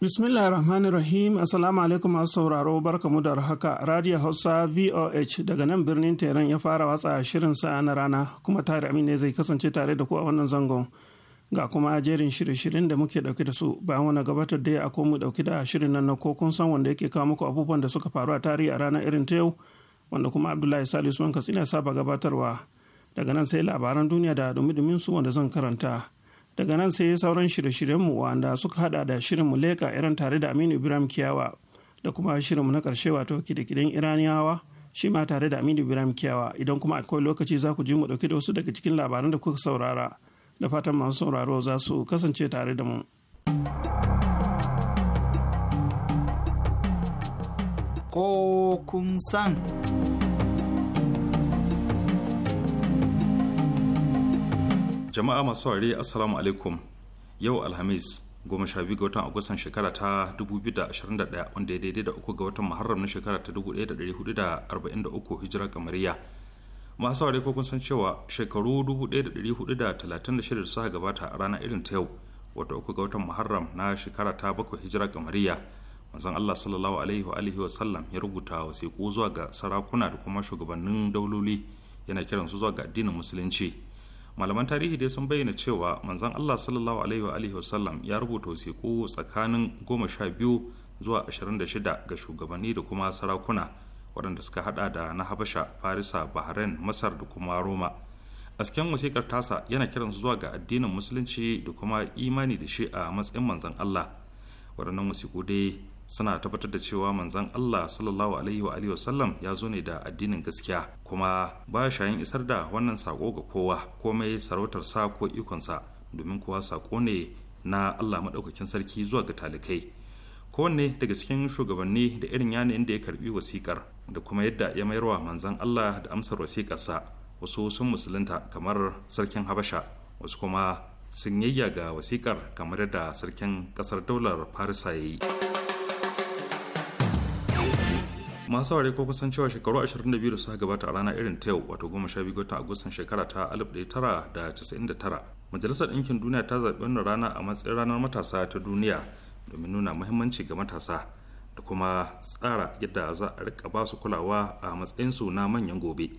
Bismillah rahman rahim Assalamu alaikum masu sauraro barkamu da haka Radio Hausa VOH daga nan birnin Teran ya fara watsa shirin sa na rana kuma tare amin ne zai kasance tare da ku a wannan zangon. Ga kuma jerin shirye-shiryen da muke dauke da su bayan wani gabatar da ya ako mu dauke da shirin nan na ko kun san wanda yake kawo muku abubuwan da suka faru a tarihi a ranar irin ta yau wanda kuma Abdullahi Salisu Usman Katsina saba gabatarwa. Daga nan sai labaran duniya da dumi-dumin su wanda zan karanta. daga nan sai sauran shirye-shiryenmu wanda suka hada da mu leka iran tare da aminu ibrahim kiyawa da kuma shirinmu na karshe wato kidikidin iraniyawa shi ma tare da aminu ibrahim kiyawa idan kuma akwai lokaci za ku ji mu dauke da wasu daga cikin labaran da kuka saurara da fatan masu sauraro za su kasance tare da mu ko kun san jama'a masu saurari assalamu alaikum yau alhamis goma sha biyu ga watan agustan shekara ta 2021 wanda ya daidai da uku ga watan muharram na shekara ta 1443 hijira kamariya masu saurari ko kun san cewa shekaru 1436 da suka gabata a rana irin ta yau wata uku ga watan muharram na shekara ta bakwai hijira kamariya manzon Allah sallallahu alaihi wa alihi wa sallam ya rubuta wasiƙu zuwa ga sarakuna da kuma shugabannin dauloli yana kiransu zuwa ga addinin musulunci malaman tarihi dai sun bayyana cewa manzon Allah sallallahu alaihi wa alihi wasallam ya rubuta wasiƙu tsakanin 12 zuwa 26 ga shugabanni da kuma sarakuna waɗanda suka hada da na Habasha, Farisa, Bahrain, Masar da kuma Roma. Asken wasiƙar tasa yana kiransu zuwa ga addinin musulunci da kuma imani da shi a matsayin manzon Allah. Waɗannan wasiƙu dai suna tabbatar da cewa manzon Allah sallallahu alaihi wa alihi wasallam ya zo ne da addinin gaskiya kuma ba shayin isar da wannan sako ga kowa komai sarautar sa ko ikonsa domin kowa sako ne na Allah madaukakin sarki zuwa ga talikai kowanne daga cikin shugabanni da irin yanayin da ya karbi wasikar da kuma yadda ya mayarwa manzon Allah da amsar wasikar sa wasu sun musulunta kamar sarkin Habasha wasu kuma sun ga wasikar kamar da sarkin kasar daular Farisa ya yi. masu saurare ko kusan cewa shekaru 22 da suka gabata a rana irin ta yau wato 12 ga agustan shekara ta 1999 majalisar ɗinkin duniya ta zaɓi wannan rana a matsayin ranar matasa ta duniya domin nuna muhimmanci ga matasa da kuma tsara yadda za a rika ba su kulawa a matsayinsu na manyan gobe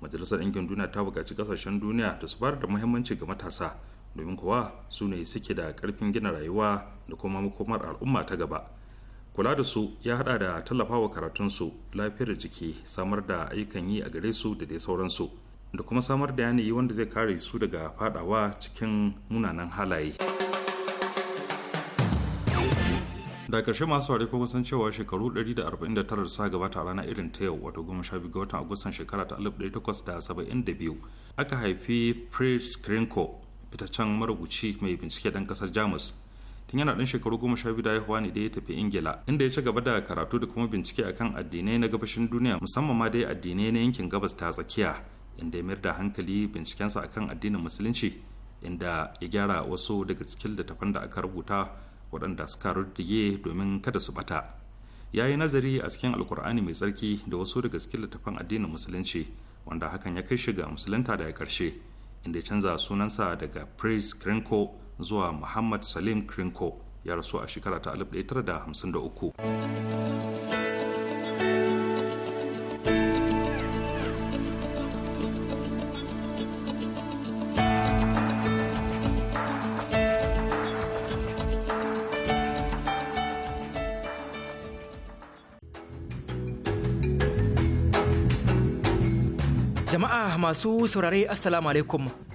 majalisar ɗinkin duniya ta buƙaci ƙasashen duniya da su bayar da muhimmanci ga matasa domin kuwa su ne suke da ƙarfin gina rayuwa da kuma makomar al'umma ta gaba kula da su ya hada da tallafawa karatunsu lafiyar jiki samar da ayyukan yi a gare su da dai sauransu da kuma samar da yanayi wanda zai kare su daga fadawa cikin munanan halaye da ƙarshe masu ware kuma san cewa shekaru 149 sa gabata a rana irin ta yau wato 12 ga watan agustan shekara ta 1872 aka haifi prince krenko fitaccen marubuci mai bincike ɗan ƙasar jamus tun yana ɗan shekaru goma sha biyu da haihuwa ne da ya tafi ingila inda ya ci gaba da karatu da kuma bincike akan addinai na gabashin duniya musamman ma dai addinai na yankin gabas ta tsakiya inda ya mayar da hankali bincikensa akan addinin musulunci inda ya gyara wasu daga cikin littattafan da aka rubuta waɗanda suka rurdige domin kada su bata ya yi nazari a cikin alkur'ani mai tsarki da wasu daga cikin littattafan addinin musulunci wanda hakan ya kai shi ga musulunta ya ƙarshe inda ya canza sunansa daga prince krenko zuwa muhammad salim krinko ya rasu a shekara ta 1953 masu saurare assalamu alaikum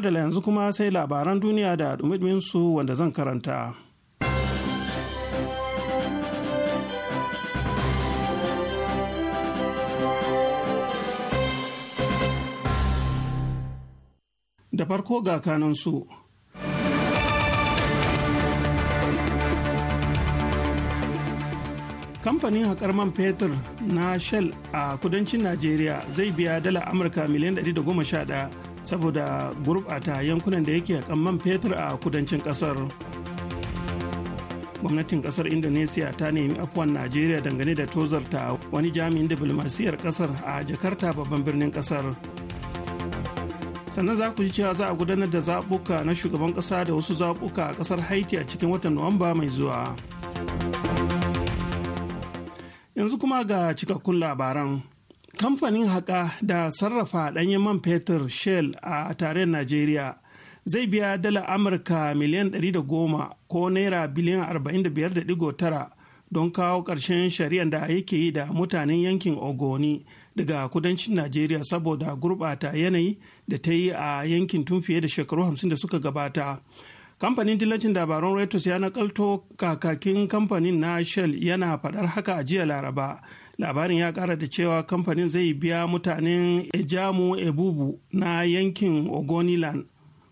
madala yanzu kuma sai labaran duniya da su wanda zan karanta. Da farko ga kanansu. kamfanin haƙar man fetur na shell a kudancin najeriya zai biya dala amurka miliyan 111 saboda gurbata yankunan da yake kan man fetur a kudancin ƙasar gwamnatin ƙasar Indonesia ta nemi afuwan najeriya dangane da tozarta wani jami'in diplomasiyar ƙasar a jakarta babban birnin ƙasar sannan za ku ji cewa za a gudanar da zaɓuka na shugaban ƙasa da wasu zaɓuka a ƙasar haiti a cikin watan nuwamba mai zuwa yanzu kuma ga cikakkun labaran kamfanin haka da sarrafa ɗanyen man fetur shell a tarayyar najeriya zai biya dala amurka miliyan 110 ko naira biliyan 45.9 don kawo ƙarshen shari'a da yake yi da mutanen yankin ogoni daga kudancin najeriya saboda gurɓata yanayi da ta yi a yankin tun fiye da shekaru 50 da suka gabata kamfanin dillacin labaran reuters ya nakalto kakakin kamfanin na shell yana faɗar haka a jiya laraba labarin ya kara da cewa kamfanin zai biya mutanen ejamu ebubu na yankin ogoniland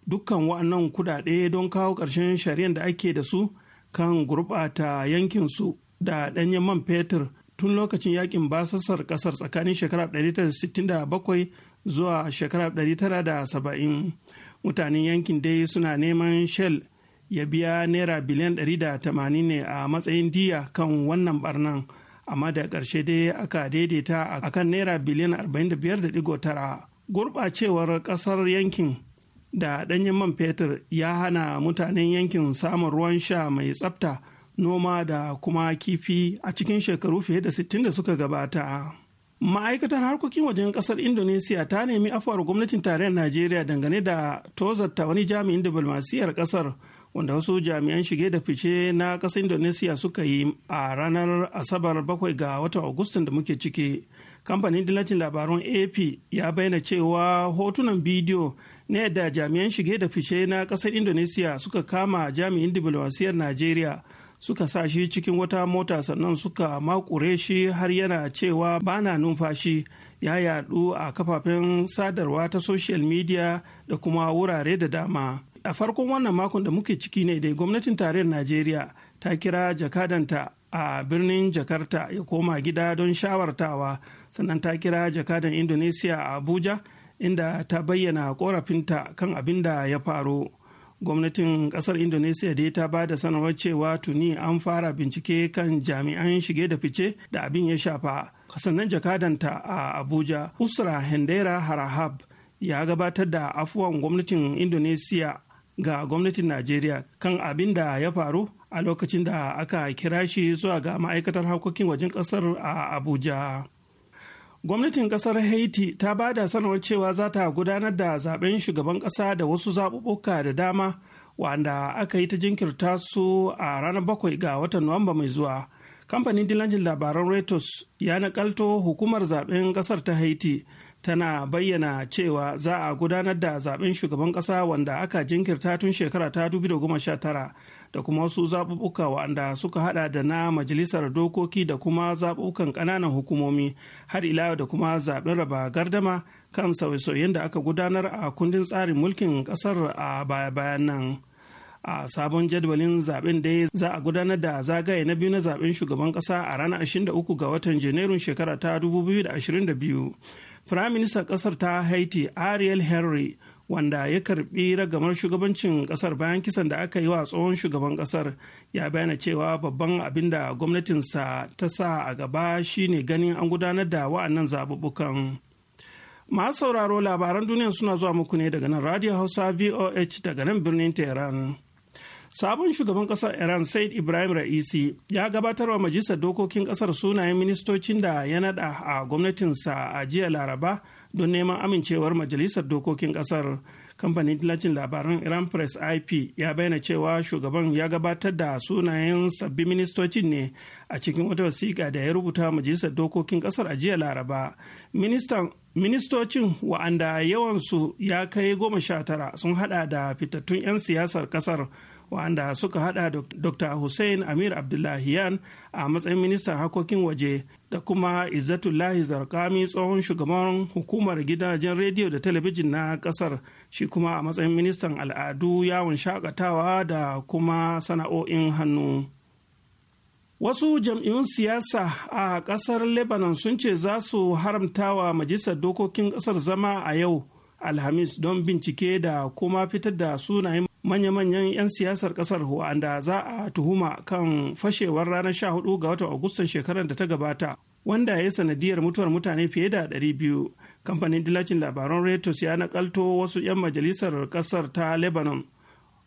dukkan wa'annan kudade don kawo ƙarshen shari'ar da ake da su kan gurɓata yankinsu da ɗanyen man fetur tun lokacin yakin basassar ƙasar tsakanin shekara 1967 zuwa shekara 1970 mutanen yankin dai suna neman shell ya biya naira biliyan 180 ne a matsayin diya kan wannan barnan amma da ƙarshe dai aka daidaita a kan naira biliyan 45.9 gurɓacewar ƙasar yankin da danyen man fetur ya hana mutanen yankin samun ruwan sha mai tsafta noma da kuma kifi a cikin shekaru fiye da 60 da suka gabata ma'aikatar harkokin wajen ƙasar Indonesia ta nemi afuwar gwamnatin tarayyar najeriya dangane da tozarta wani jami'in diplomasiyar kasar wanda wasu jami'an shige da fice na ƙasar indonesiya suka yi a ranar asabar bakwai ga watan agustan da muke ciki kamfanin dillacin labarun ap ya bayyana cewa hotunan bidiyo na yadda jami'an shige da fice na ƙasar indonesiya suka kama jami'in diplomasiyar najeriya suka sa shi cikin wata mota sannan suka makure shi har yana cewa bana numfashi ya yadu a kafafen sadarwa ta social media da kuma wurare da dama a farkon wannan makon da muke ciki ne dai gwamnatin tarayyar najeriya ta kira jakadanta a birnin jakarta ya koma gida don shawartawa sannan ta kira jakadan indonesia a abuja inda ta bayyana korafinta kan abin da ya faru gwamnatin kasar indonesia dai ta ba da sanarwar cewa tuni an fara bincike kan jami'an shige da fice da abin ya shafa sannan jakadanta a abuja usra hendera harahab ya gabatar da afuwan gwamnatin indonesia ga gwamnatin najeriya kan abin da ya faru a lokacin da aka kira shi zuwa ga ma'aikatar harkokin wajen kasar a abuja gwamnatin kasar haiti ta ba da sanarwar cewa za ta gudanar da zaben shugaban kasa da wasu zaɓuɓɓuka da dama wanda aka yi ta jinkirta su a ranar bakwai ga watan nuwamba mai zuwa kamfanin dilancin labaran reuters ya nakalto hukumar zaben kasar ta haiti tana bayyana cewa za a gudanar da zaben shugaban kasa wanda aka jinkirta tun shekara ta 2019 da kuma wasu zaɓuɓɓuka wa'anda suka hada da na majalisar dokoki da kuma zaɓuɓɓukan ƙananan hukumomi har ila da kuma zaɓen raba gardama kan sauye-sauyen da aka gudanar a kundin tsarin mulkin ƙasar a baya-bayan nan. a sabon jadwalin zaben da za a gudanar da zagaye na biyu na zaben shugaban ƙasa a ranar 23 ga watan janairun shekara ta 2022 Firaministan ƙasar ta Haiti Ariel Henry wanda ya karbi ragamar shugabancin ƙasar bayan kisan da aka yi wa tsohon shugaban ƙasar ya bayyana cewa babban abin da gwamnatinsa ta sa a gaba shine ganin an gudanar da wa'annan zaɓuɓɓukan. Masu sauraro labaran duniya suna zuwa muku ne daga nan Radio Hausa VOH daga nan birnin Tehran. sabon shugaban kasar iran said ibrahim ra'isi ya gabatar wa majalisar dokokin kasar sunayen ministocin da ya nada a gwamnatinsa a jiya laraba don neman amincewar majalisar dokokin kasar kamfanin dillacin labaran iran press ip ya bayyana cewa shugaban ya gabatar da sunayen sabbin ministocin ne a cikin wata wasiƙa da ya rubuta majalisar dokokin kasar a jiya laraba ministocin wa'anda yawansu ya kai goma sha tara sun hada da fitattun 'yan siyasar kasar waɗanda suka hada dr hussein amir abdullahiyan a matsayin ministan harkokin waje da kuma izzatullahi zarkami tsohon shugaban hukumar gidajen rediyo da talabijin na kasar shi kuma a matsayin ministan al'adu yawon shakatawa da kuma sana'o'in hannu wasu jam'iyyun siyasa a kasar lebanon sun ce za su haramtawa majalisar dokokin ƙasar zama a yau alhamis don bincike da kuma fitar da sunayen manya-manyan 'yan siyasar kasar wanda za a tuhuma kan fashewar ranar 14 ga watan agustan shekarar da ta gabata wanda ya yi sanadiyar mutuwar mutane fiye da 200 kamfanin dilacin labaran reuters ya nakalto wasu 'yan majalisar kasar ta lebanon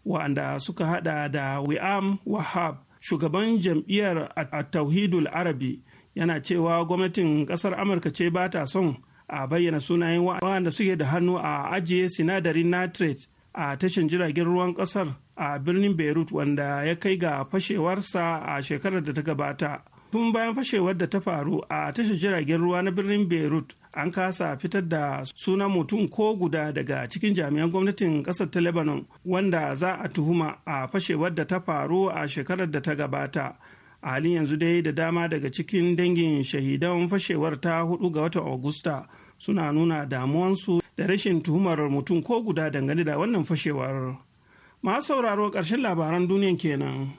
wa'anda suka hada da wi'am wahab shugaban jam'iyyar a tauhidul arabi yana cewa gwamnatin kasar amurka ce ba ta son a bayyana sunayen wa'anda suke da hannu a ajiye sinadarin nitrate a tashin jiragen ruwan ƙasar a birnin beirut wanda ya kai ga fashewarsa a shekarar da ta gabata tun bayan fashewar da ta faru a tashar jiragen ruwa na birnin beirut an kasa fitar da sunan mutum ko guda daga cikin jami'an gwamnatin kasar ta lebanon wanda za a tuhuma a fashewar da ta faru a shekarar da ta gabata a halin yanzu dai da dama daga cikin dangin shahidan fashewar ta hudu ga watan agusta suna nuna damuwansu da rashin tuhumar mutum ko guda dangane da wannan fashewar Ma sauraro ƙarshen labaran duniyan kenan.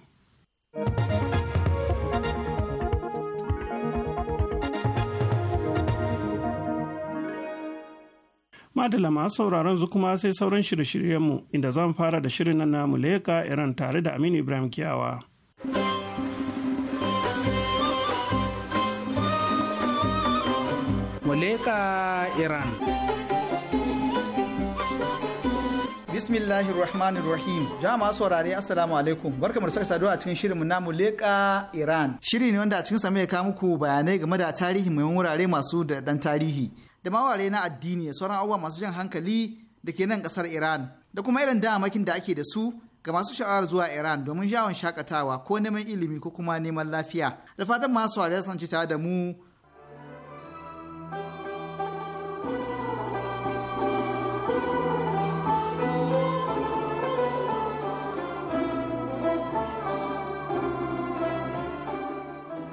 Madala ma sauraron zu kuma sai sauran shirye-shiryenmu inda zan fara da shirin na namu leka Iran tare da Aminu Ibrahim Kiyawa. Muleka Iran. Bismillahir Rahmanir Rahim. Jama'a saurare Assalamu alaikum. Barkamu da sake saduwa a cikin shirinmu namu Leka Iran. Shiri ne wanda a cikin sa mai kawo muku bayanai game da tarihi mai wurare masu da dan tarihi da maware na addini da sauran abubuwa masu jan hankali da ke nan kasar Iran da kuma irin damakin da ake da su ga masu sha'awar zuwa Iran domin yawon shakatawa ko neman ilimi ko kuma neman lafiya. Da fatan masu saurare sun ci tare da mu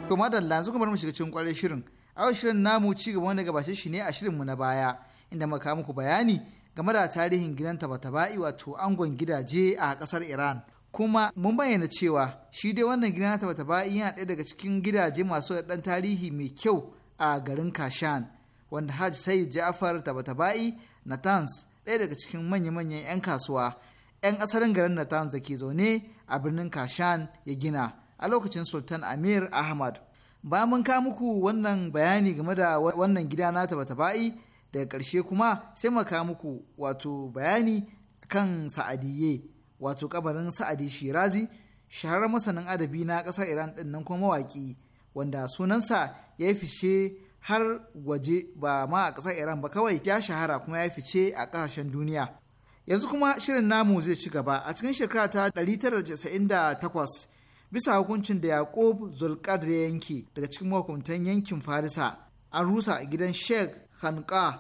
To madalla yanzu kuma mu shiga cikin kwarar shirin. A yau shirin namu ci gaba wanda gabashe shi ne a mu na baya inda muka muku bayani game da tarihin gidan tabataba'i wato angon gidaje a kasar Iran. Kuma mun bayyana cewa shi dai wannan gidan tabataba'i yana ɗaya daga cikin gidaje masu ɗan tarihi mai kyau a garin Kashan wanda Hajj sai Ja'far tabataba'i tabai Natanz ɗaya daga cikin manya-manyan 'yan kasuwa 'yan asalin garin Natanz da ke zaune a birnin Kashan ya gina. a lokacin sultan amir ahmad ba mun ka muku wannan bayani game da wannan gida na bai daga karshe kuma sai maka muku wato bayani kan sa'adiyye wato kabarin sa'adi shirazi shaharar masanin adabi na ƙasar iran ɗin nan kuma mawaƙi wanda sunansa ya fice har waje ba ma a ƙasar iran ba kawai ya shahara kuma ya fice a ƙasashen duniya yanzu kuma shirin namu zai ci gaba a cikin shekara ta 1998 bisa hukuncin da Yakub zulkadri ya yanke daga cikin mahukuntan yankin Farisa an rusa gidan Sheikh Hanka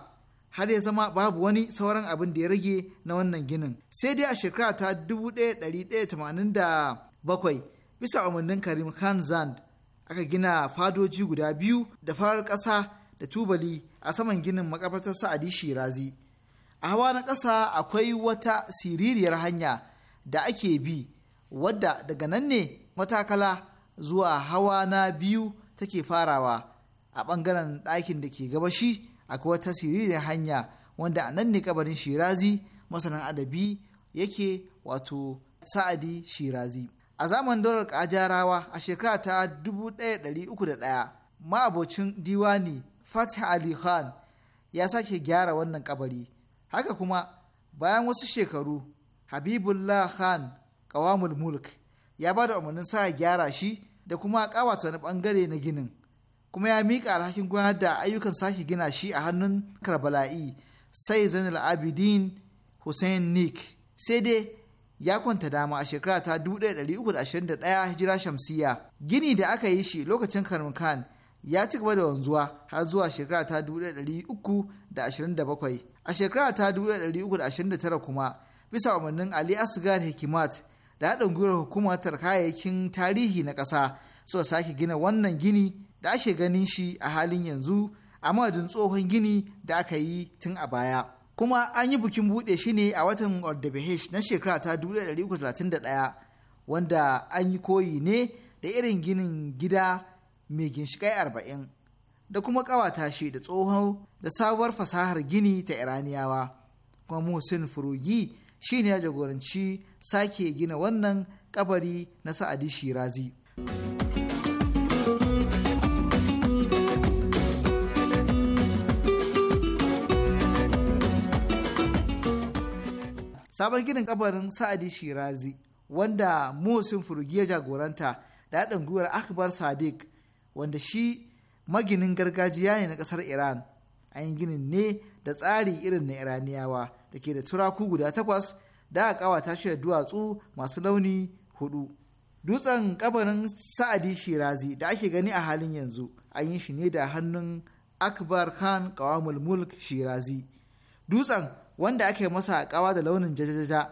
har ya zama babu wani sauran abin da ya rage na wannan ginin sai dai a shekara ta 1187 bisa umarnin Karim Khan Zand aka gina fadoji guda biyu da farar ƙasa da tubali a saman ginin makabartar Sa'adi Shirazi a hawa na ƙasa akwai wata siririyar hanya da ake bi wadda daga nan ne matakala zuwa hawa na biyu take farawa a ɓangaren ɗakin da ke gabashi akwai wata siririn hanya wanda a nan ne kabarin shirazi masanin adabi yake wato sa'adi shirazi a zaman dolar kajarawa a shekara ta 1301 ma'abocin diwani fatih ali khan ya sake gyara wannan kabari haka kuma bayan wasu shekaru habibullah khan kawamul mulk ya ba da umarnin sa gyara shi da kuma kawata wani bangare na ginin kuma ya mika alhakin gudanar da ayyukan sake gina shi a hannun karbala'i sai zainal abidin hussein nick sai dai ya kwanta dama a shekara ta 1321 hijira shamsiya gini da aka yi shi lokacin karmin khan ya ci gaba da wanzuwa har zuwa shekara ta 1327 a shekara ta 1329 kuma bisa umarnin ali asgar hikimat da haɗin gwiwar hukumar kayayyakin tarihi na ƙasa suka sake gina wannan gini da ake ganin shi a halin yanzu a madadin tsohon gini da aka yi tun a baya kuma an yi bukin buɗe shi ne a watan ordebehesh na shekara ta ɗaya wanda an yi koyi ne da irin ginin gida mai ginshiƙai arba'in da kuma ƙawata shi da tsohon da sabuwar fasahar gini ta iraniyawa kuma muhsin furugi shi ne ya jagoranci sake gina wannan kabari na sa'adi shirazi sabon ginin kabarin sa'adi shirazi wanda muhsin furugi ya jagoranta da haɗin gwiwar akbar sadiq wanda shi maginin gargajiya ne na ƙasar iran an yi ginin ne da tsari irin na iraniyawa da ke da turaku guda takwas da aka kawata shi da duwatsu masu launi hudu. Dutsen kabarin Sa'adi Shirazi da ake gani a halin yanzu an yi shi ne da hannun Akbar Khan Kawamul Mulk Shirazi. Dutsen wanda ake masa kawa da launin jajajaja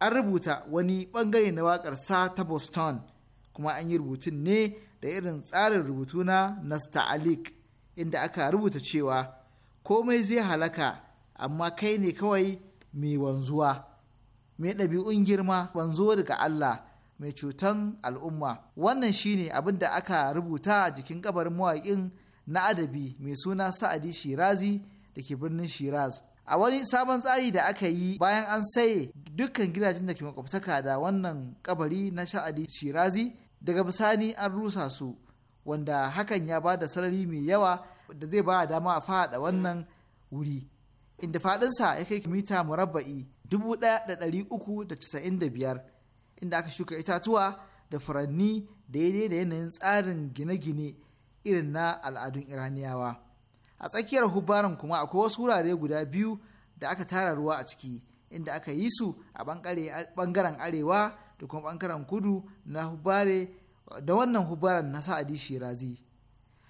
an rubuta wani bangare na wakar sa ta Boston kuma an yi rubutun ne da irin tsarin rubutu na Nasta'alik inda aka rubuta cewa komai zai halaka amma kai ne kawai mai wanzuwa mai ɗabi'un girma wanzo daga Allah mai cutan al'umma wannan shine abin da aka rubuta a jikin kabarin mawaƙin na adabi mai suna sa'adi shirazi da ke birnin shiraz a wani sabon tsari da aka yi bayan an saye dukkan gidajen da ke makwabtaka da wannan kabari na sha'adi shirazi daga bisani an rusa su wanda hakan ya ba da sarari mai yawa da zai ba dama a fada wannan wuri inda faɗinsa ya kai mita murabba'i 1,395 inda aka shuka itatuwa da furanni daidai da yanayin tsarin gine-gine irin na al'adun iraniyawa a tsakiyar hubaran kuma akwai wasu wurare guda biyu da aka tara ruwa a ciki inda aka yi su a bangaren arewa da kuma bangaren kudu na hubare da wannan hubaran na sa'adi shirazi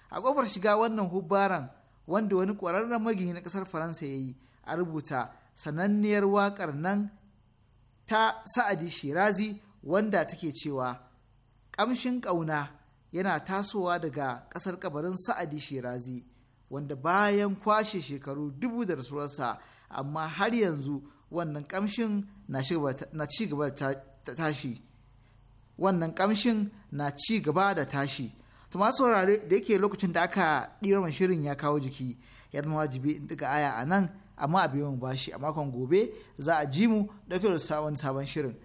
a kofar shiga wannan hubaran wanda wani ƙwararren magihi na ƙasar faransa ya yi a rubuta sananniyar waƙar nan ta sa'adi shirazi wanda take cewa ƙamshin ƙauna yana tasowa daga ƙasar kabarin sa'adi shirazi wanda bayan kwashe shekaru dubu da rasuwarsa amma har yanzu wannan ƙamshin na ci ƙamshin na ci gaba da tashi to ma saurare da yake lokacin da aka ɗirar shirin ya kawo jiki ya zama wajibi daga aya a nan amma a biyan bashi a makon gobe za a ji mu ɗauke da sabon sabon shirin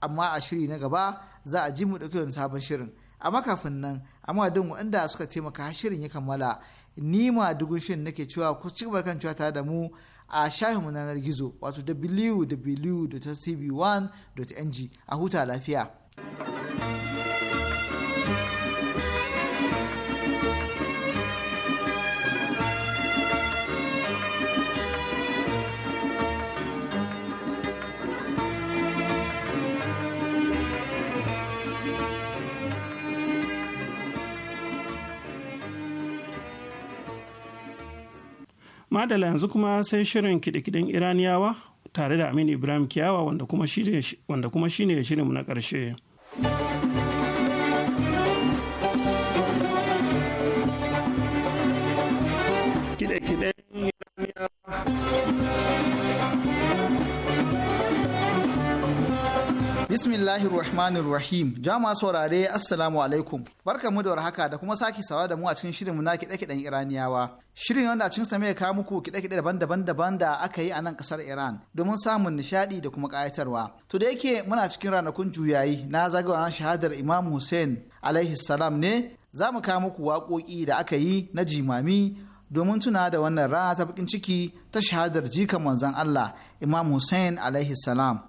amma a shiri na gaba za a ji mu ɗauke da sabon shirin amma kafin nan amma don waɗanda suka taimaka har shirin ya kammala ni ma dugun shirin nake cewa ku ci gaba kan cewa ta da mu a shafin mu yanar gizo wato www.tv1.ng a huta lafiya. madala yanzu kuma sai shirin kiɗe-kiɗen iraniyawa tare da aminu ibrahim kiyawa wanda kuma shine shirinmu na karshe. Bismillahir Rahmanir Rahim. Jama'a saurare Assalamu alaikum. mu da warhaka da kuma sake sawa da mu a cikin shirinmu na kiɗe-kiɗen Iraniyawa. Shirin wanda a cikin sa mai kawo muku kiɗe-kiɗe daban-daban daban da aka yi a nan kasar Iran domin samun nishaɗi da kuma kayatarwa To da yake muna cikin ranakun juyayi na zagawa shahadar Imam Hussein alaihi salam ne za mu kawo muku waƙoƙi da aka yi na jimami domin tuna da wannan rana ta bakin ciki ta shahadar jikan manzon Allah Imam Hussein alaihi salam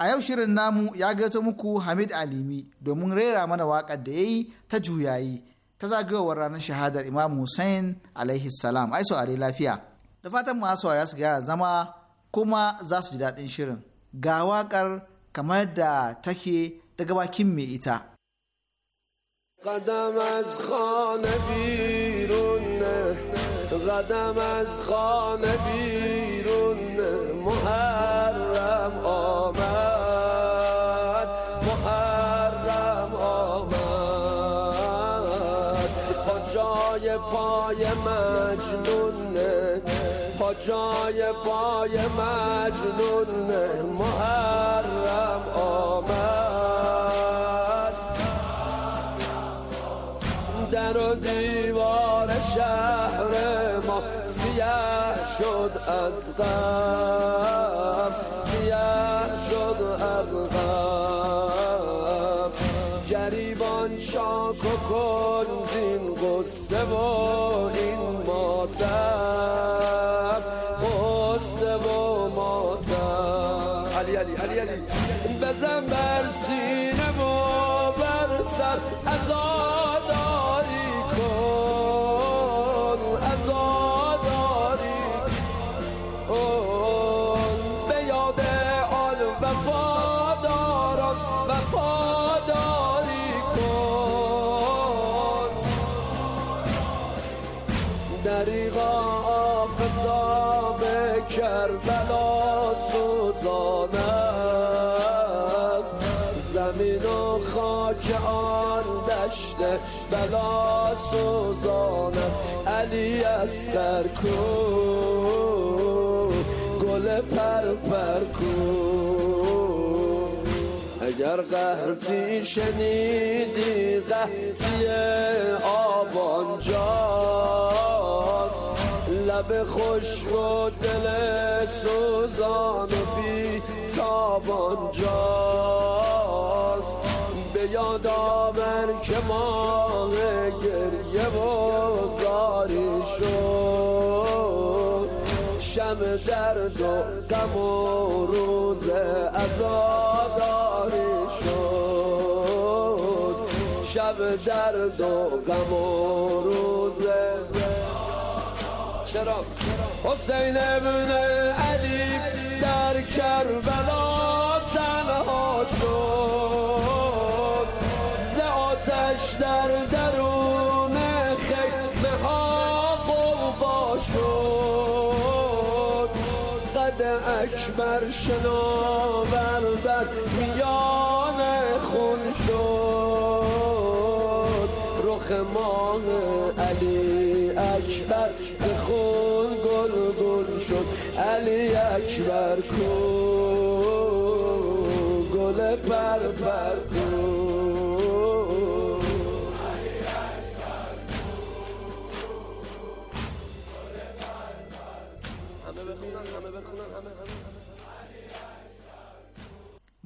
A yau shirin namu ya gaito muku Hamid Alimi domin rera mana waƙar da ya yi ta juyayi ta zagayowar ranar shahadar Imam Hussein alaihi salam. Ai saurari lafiya. Da fatan masu saurari su gyara zama kuma za su ji daɗin shirin. Ga waƙar kamar da take daga bakin mai ita. قدم از خانه بیرون جای پای مجنون محرم آمد در و دیوار شهر ما سیه شد از غم سیه شد از غم گریبان شاک و کنزین قصه و این ماتم zambersa. شده بلا علی اسقر کو گل پر پر اگر قهرتی شنیدی قهرتی آبان جاست لب خوش و دل سوزان و بی تابان به یاد آور که ما گریه و زاری شد شب درد و غم و روز عزاداری شد شب درد و غم و روز چرا حسین ابن علی در کربلا آتش در درون خیمه ها قوبا شد قد اکبر شناور بر میان خون شد رخ ماه علی اکبر ز خون گل شد علی اکبر کن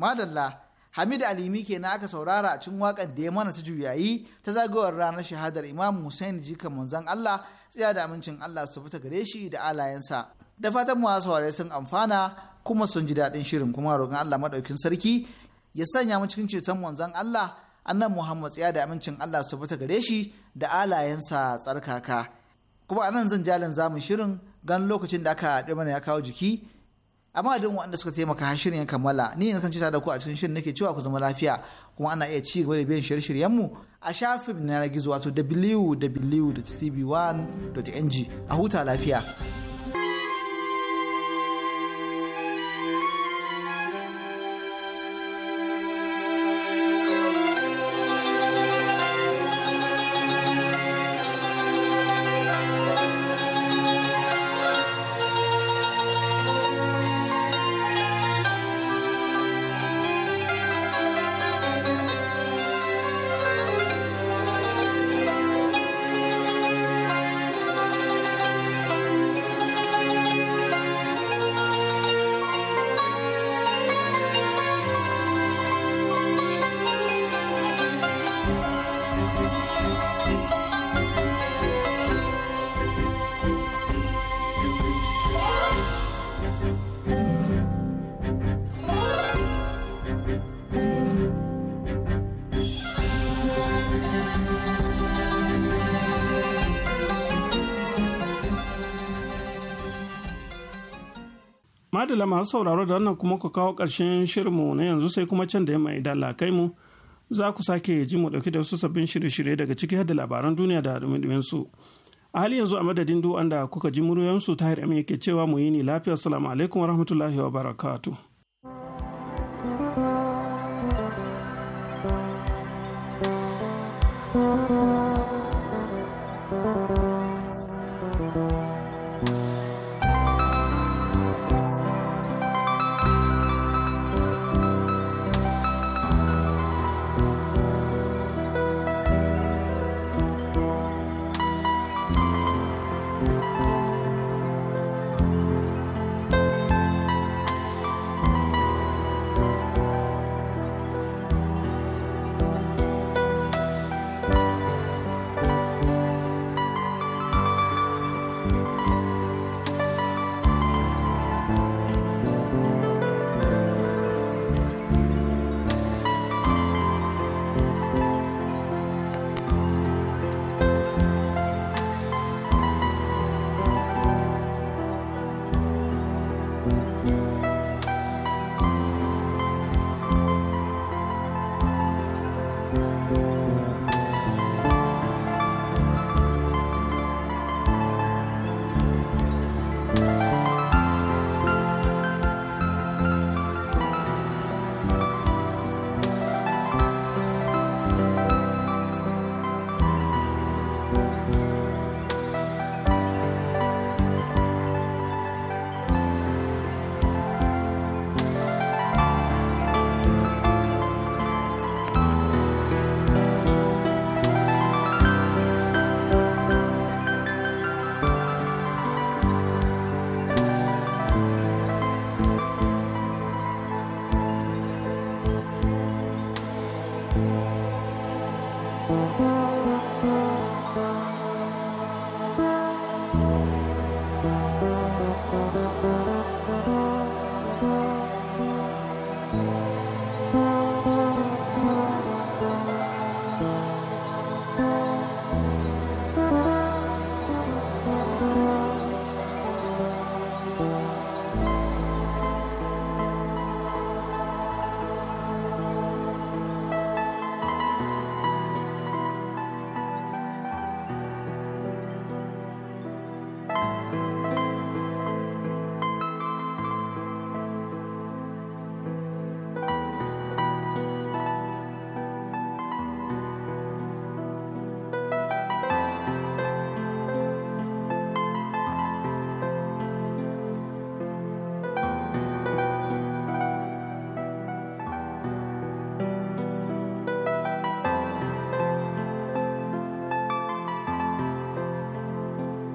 madalla hamid alimi na aka saurara a cikin wakan da ya mana ta juyayi ta zagawar ranar shahadar imam hussein jika manzan allah tsaya da amincin allah su fita gare shi da alayensa da fatan mu saurare sun amfana kuma sun ji daɗin shirin kuma roƙon allah maɗaukin sarki ya sanya mu cikin ceton manzan allah annan muhammad tsaya da amincin allah su fita gare shi da alayensa tsarkaka kuma anan zan jalin zamu shirin gan lokacin da aka ɗi mana ya kawo jiki amma dukkan waɗanda suka taimaka har shirin ya kammala ni na kan da ku a cikin shirin nake cewa ku zama lafiya kuma ana iya ci gaba da biyan shirye-shiryen mu a shafin na gizo wato www.tv1.ng a huta lafiya alhamdulillah masu sauraro da wannan kuma ku kawo ƙarshen shirinmu na yanzu sai kuma can da ya mai dala kai mu za ku sake ji mu ɗauki da wasu sabbin shirye-shirye daga ciki da labaran duniya da dumi su. A hali yanzu a madadin duk wanda kuka ji muryoyinsu tahir amin yake cewa mu yi ni lafiyar salamu alaikum wa rahmatullahi wa barakatuh.